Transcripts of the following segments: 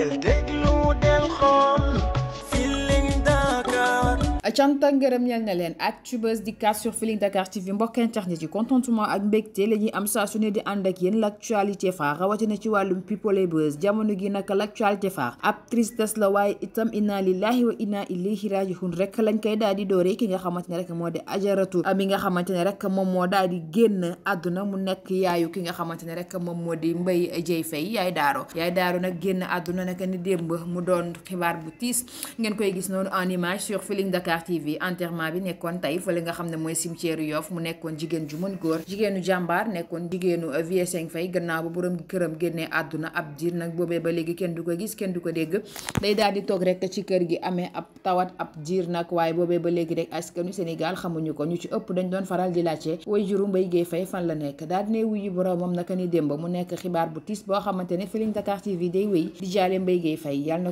del déglu del xool cant ak ngërëm ñel na leen Actubuzz di kaas sur Feeling Dakar TV mbokk internet ci contentement ak mbégte la ñuy am saa su ne di ànd ak yéen l' actualité phare ci wàllum people buzz jamono gi naka l' actualité phare ab tristesse la waaye itam inna lillahi wa inna ilayhi raji'un rek lañ koy daal di dooree ki nga xamante ne rek moo di ajaratu mi nga xamante ne rek moom moo daal di génn àdduna mu nekk yaayu ki nga xamante ne rek moom moo di Mbaye Dièye Faye yaay daaro yaay daaro nag génn àdduna naka ni démb mu doon xibaar bu tiis ngeen koy gis noonu en image sur Feeling Dakar TV enterrement bi nekkoon tey fële nga xam ne mooy cimetière Yoff mu nekkoon jigéen ju mën góor jigéenu jàmbaar nekkoon jigéenu euh, vie seng fay gannaaw ba borom këram génnee àdduna ab diir nag boobee ba léegi kenn du ko gis kenn du ko dégg day daal di toog rek ci kër gi amee ab tawat ab diir nag waaye boobee ba léegi rek askanu Sénégal xamuñu ko ñu ci ëpp dañ doon faral di laajte way juru Mbaye Guèye Faye fan la nekk daal di ne wuyu boromam naka ni démb mu nekk xibaar bu tiis boo xamante ne Feeling Dakar TV day wéy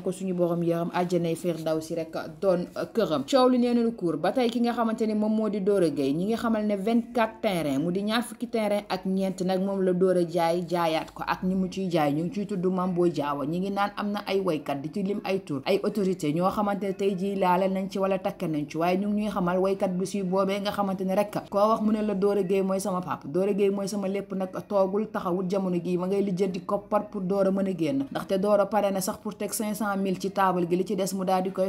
ko suñu borom yaram àjjanay firdawsi rek doon euh, coow li nee na lu cour ba tey ki nga xamante ni moom moo di Doro Gueye ñi ngi xamal ne 24 terrain mu di ñaar fukki terrain ak ñeent nag moom la Doro jaay jaayaat ko ak ñi mu ciy jaay ñu ngi ciy tudd mam Boye Diao ñi ngi naan am na ay waykat di ci lim ay tur ay autorité ñoo xamante ne tey jii laale nañ ci wala takke nañ ci waaye ñu ngi ñuy xamal waykat bu suy boobee nga xamante ne rek koo wax mu ne la door Gueye mooy sama pap Doro mooy sama lépp nag toogul taxawul jamono gii ma ngay lijjanti koppar pour Doro mën a génn ndaxte Doro pare na sax pour teg 500 000 ci taabal gi li ci des mu daal di koy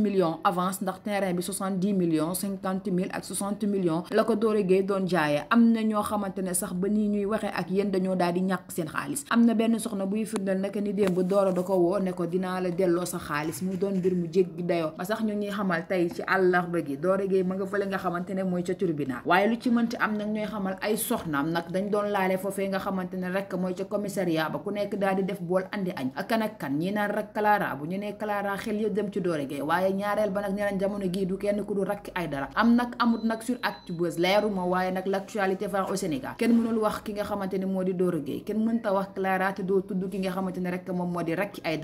millions avance ndax terrain bi soixante dix millions cinquante mille ak soixante millions la ko Doro doon jaayee am na ñoo xamante ne sax ba nii ñuy waxee ak yéen dañoo daal di ñàkk seen xaalis am na benn soxna buy firndal naka ni démb Doro da ko woo ko dinaa la delloo sa xaalis mu doon mbir mu jéggi dayoo ba sax ñu ngi xamal tey ci àllarba gi Doro Gueye ma nga fële nga xamante ne mooy ca tribunal waaye lu ci mënti am nag ñooy xamal ay soxnaam nag dañ doon laale foofee nga xamante ne rek mooy ca commissariat ba ku nekk daal di def bool andi añ ak kan ak kan ñi naan rek Clara bu ñu nee Clara xel ya dem ci Doro Gueye waaye ñaareel ba nag nee nañ jamono gii du kenn ku du rakki ay dara am nag amut nag sur actu buzz leeruma waaye nag l' actualité va au Sénégal kenn mënul wax ki nga xamante moom moo di rakki ay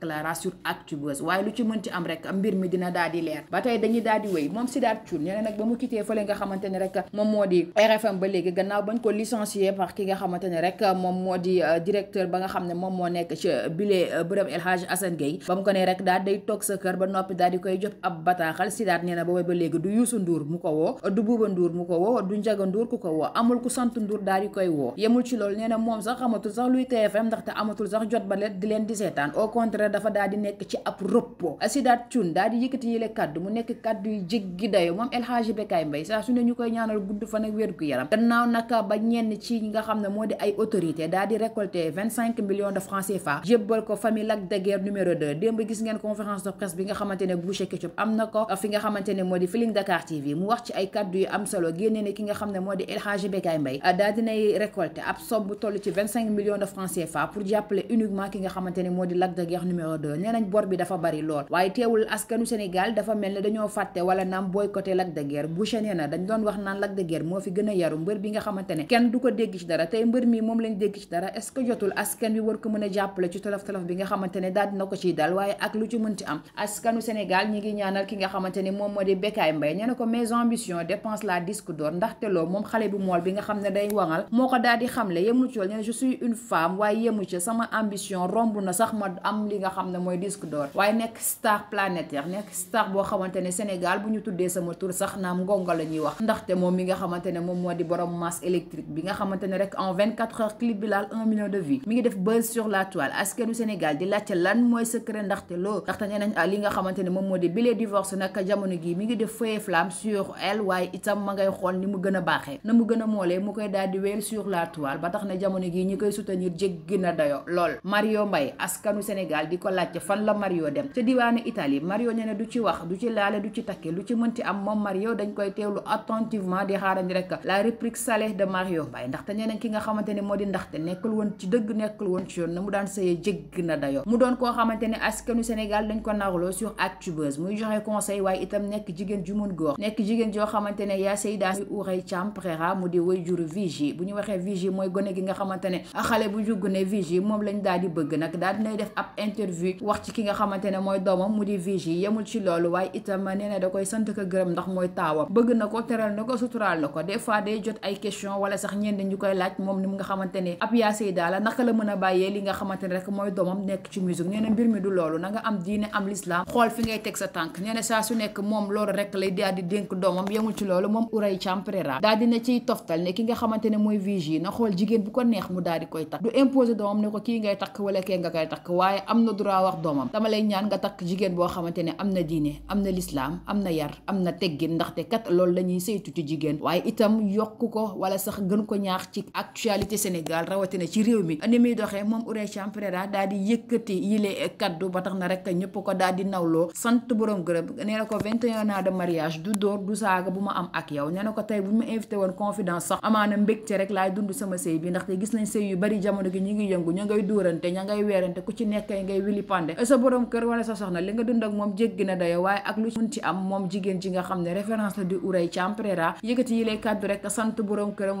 dara sur actu waaye lu ci mën am rek mbir mi dina daal di leer ba tey dañuy daal di wéy moom si daat cun nee nag ba mu kitee fële nga xamante ne moom moo di RFM ba léegi gannaaw bañ ko licencié par ki nga xamante ne rek moom moo di euh, directeur ba nga xam ne moom moo nekk ci euh, bile euh, bërëm El Hadj Assane ba mu ko ne rek daal day toog sa kër ba noppi daal di koy jot ab bataaxal si daat nee na booba ba léegi du Youssou mu ko woo du Bouba Ndour mu ko woo du Ndiaga Ndour ku ko woo amul ku sant Ndour daal di koy woo yemul ci loolu nee na moom sax amatul sax luy TFM ndaxte amatul sax jot ba leen di leen di seetaan au contraire dafa daal di nekk ci ab repos Sidaat Thioune daal di yëkkati yile kaddu mu nekk kaddu yu jéggi dayo moom El Hadj Bekaay Mbaye saa su ne ñu koy ñaanal gudd fan ak wér gu yaram gannaaw naka bañ ñenn ci ñi nga xam ne moo di ay autorité daal di récolter vingt cinq millions de francs CFA jébbal ko famille Lac de Guiers numéro de presse bi ah, bi dafa bari lool waaye teewul askanu Sénégal dafa mel ne dañoo fàtte wala naam boycotté Lac de Guiers Boucher nee dañ doon wax naan Lac de Guiers moo fi gën a yaru mbër bi nga xamante ne kenn ko dégg ci tey mbër mi moom lañ dégg dara est-ce que jotul askan wi war ko mën a jàppale ci tolof-tolof bi nga xamante ne daal dina ko ciy dal ki nga xamante ne moom moo di Bécaye Mbaye nee na ko mes ambitions dépense la disque d'or ndaxte loo moom xale bu mool bi nga xam ne day wangal moo ko daal di xamle yemu ci nee na je suis une femme waaye yemu ci sama ambition romb na sax ma am li nga xam ne mooy disque d'or waaye nekk star planétaire nekk star boo xamante ne Sénégal bu ñu tuddee sama tur sax naam ngonga la ñuy wax ndaxte moom mi nga xamante ne moom moo di borom masse électrique bi nga xamante ne rek en 24 heures clip bi laal 1 million de vues mi ngi def buzz sur la toile askanu Sénégal di laajte lan mooy secret ndaxte loo ndaxte nee ah, li nga xamante moom moo di bile divorce nag jamono gi mi ngi def feuille flamme sur elle itam ma ngay xool ni mu gën a baaxee na mu gën a moolee mu koy daal di wéel sur la toile ba tax na jamono gi ñi koy soutenir jéggi na dayo lool Mario Mbaye askanu Sénégal di ko laajte fan la Mario dem ca diwaanu Italie Mario wax du ci laale du ci takke lu ci sax yoo bàyyi ndaxte ñeneen ki nga xamante ne moo di ndaxte nekkul woon ci dëgg nekkul woon ci yoon na mu daan sëyee jégg na dayo mu doon koo xamante ne askanu Sénégal dañ ko narloo sur Actubuzz muy joxe conseil waaye itam nekk jigéen ju mun góor nekk jigéen joo xamante ne yaa Seyda Ourey Thiam Préra mu di way juru Vigie bu ñu waxee Vigie mooy gone gi nga xamante ne xale bu jugg ne Vigie moom lañ daal di bëgg nag daal dinay def ab interview wax ci ki nga xamante ne mooy doomam mu di Vigie yemul ci loolu waaye itam nee na da koy sant ko gërëm ndax mooy taawam bëgg na ko teral na ko suturaal na ko des fois day jot ay question wala sax ñenn ñu koy laaj moom ni mu nga xamante ne Apia Seyda la naka la mën a bàyyee li nga xamante ne rek mooy doomam nekk ci musique nee na mbir mi du loolu na nga am diine am xool fi ngay teg sa nee na saa su nekk moom loolu rek lay daal di dénk doomam yemul ci loolu moom Houraye Thiam Préra daal dina ciy nga xamante ne mooy vige yi na ne am na droit wax doomam dama lay ñaan am na diine am na lislaam am na yar am na teggin ndaxte kat loolu la ñuy saytu ci jigéen waaye itam yokk ko wala sax gën ko ñaax ci actualité Sénégal rawatina ci réew mi ni muy doxee moom Oureytiane Prera daal di kaddu ba tax na rek ko daal di nawloo sant borom gërëm nee na ko 21 ans de mariage du dóor du saaga na ko tey bu ma invité woon confidence sax amaana mbégte rek laay dund sama sa borom kër wala sa soxna li nga dund ji nga xam ne référence la di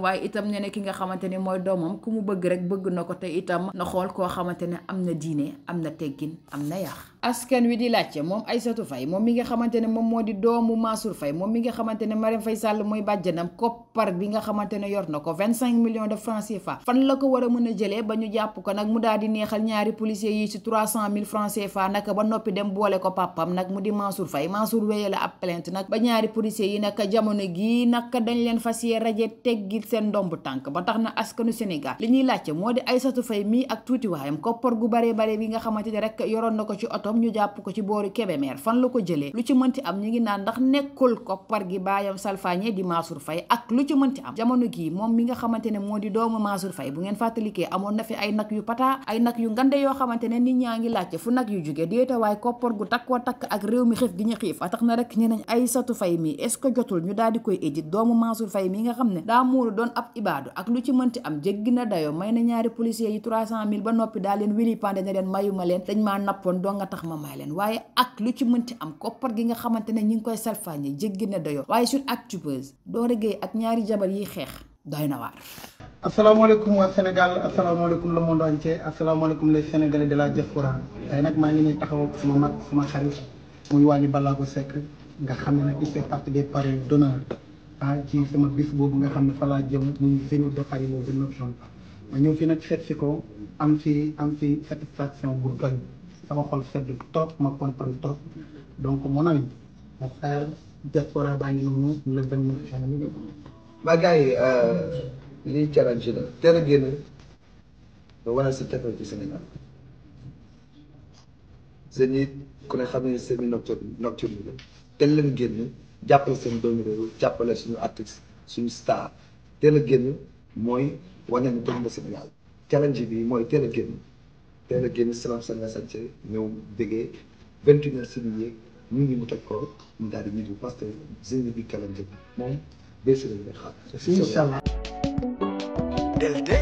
waaye itam ne ne ki nga xamante ne mooy doomam ku mu bëgg rek bëgg na ko te itam na xool koo xamante ne am na diine am na teggin am na yàq askan wi di laajte moom ay Aïssatou Faye moom mi nga xamante ne moom moo di doomu Mansour Faye moom mi nga xamante ne Marème Faye Sall mooy bàjjanam koppar bi nga xamante ne yor na ko 25 millions de francs CFA fan la ko war a mën a jëlee ba ñu jàpp ko nag mu daal di neexal ñaari policiers yi ci 300 000 francs CFA nag ba noppi dem boole ko papam nag mu di Mansour Faye Mansour wéye la ab nag ba ñaari policiers yi nag jamono gii nag dañ leen fas yee raje teggil seen ndomb tànk ba tax na askanu Sénégal li ñuy laajte moo di Aïssatou Faye mii ak tuuti tuutiwaayam koppar gu bare bare bi nga xamante ne rek yoroon na ko ci oto otom ñu jàpp ko ci booru Kébémer fan la ko jëlee lu ci mënti am ñu ngi naan ndax nekkul koppar gi baayam salfaañe di Mansour Faye ak lu ci mënti am jamono gii moom mi nga xamante ne moo di doomu Mansour Faye bu ngeen fàttalikee amoon na fi ay nag yu pata ay nag yu ngande yoo xamante ne nit ñaa ngi laajte fu nag yu jóge déeta waaye koppar gu takkoo takk ak réew mi xiif gi ñu xiif a tax na rek ñeneen Aïssatou Faye mi est-ce jotul ñu daal di koy édit doomu Mansour Faye mi nga xam ne daa muuru doon ab ibaadu ak lu ci mënti am jéggi na dayo may na ñaari policiers yi 300 000 ba noppi daa leen wili pandé ne leen mayuma leen dañ maa nappoon doo nga tax tax ma leen waaye ak lu ci mënti am koppar gi nga xamante ne ñi ngi koy salfaañe jéggi na doyo waaye sur actubeuse doo Gueye ak ñaari jabar yiy xeex doy na waar asalaamaaleykum waa Sénégal la le monde entier asalaamaaleykum les sénégalais de la diaspora tey nag maa ngi ne taxaw ak sama mag sama xarit muy Waly ko Seck nga xam ne nag il fait partie des parrains ah, ci sama bis boobu nga xam ne fa laa jëm muy de Paris le ma ñëw fi nag set si ko am fi am fi satisfaction bu doy sama xol sedd trop ma comprendre trop donc mon ami mon frère diaspora baa ngi noonu le vingt neuf maa gars yi euh, lii challenge la teel a génn nga wane sa tefe Sénégal seen it ku ne xam ne semi nocturne nocturne la teel leen génn jàppale seen doomi réew jàppale suñu artiste suñu star teel a génn mooy wane ne doom nga Sénégal challenge bi mooy teel génn teel a génn salaam sa nga sàcce ñëw déggee vingt une heure si ñu yéeg ñu ngi mu toj ko mu daal di ñibbi parce que génn bi kalam jëm moom bés la ñu xaar. incha allah.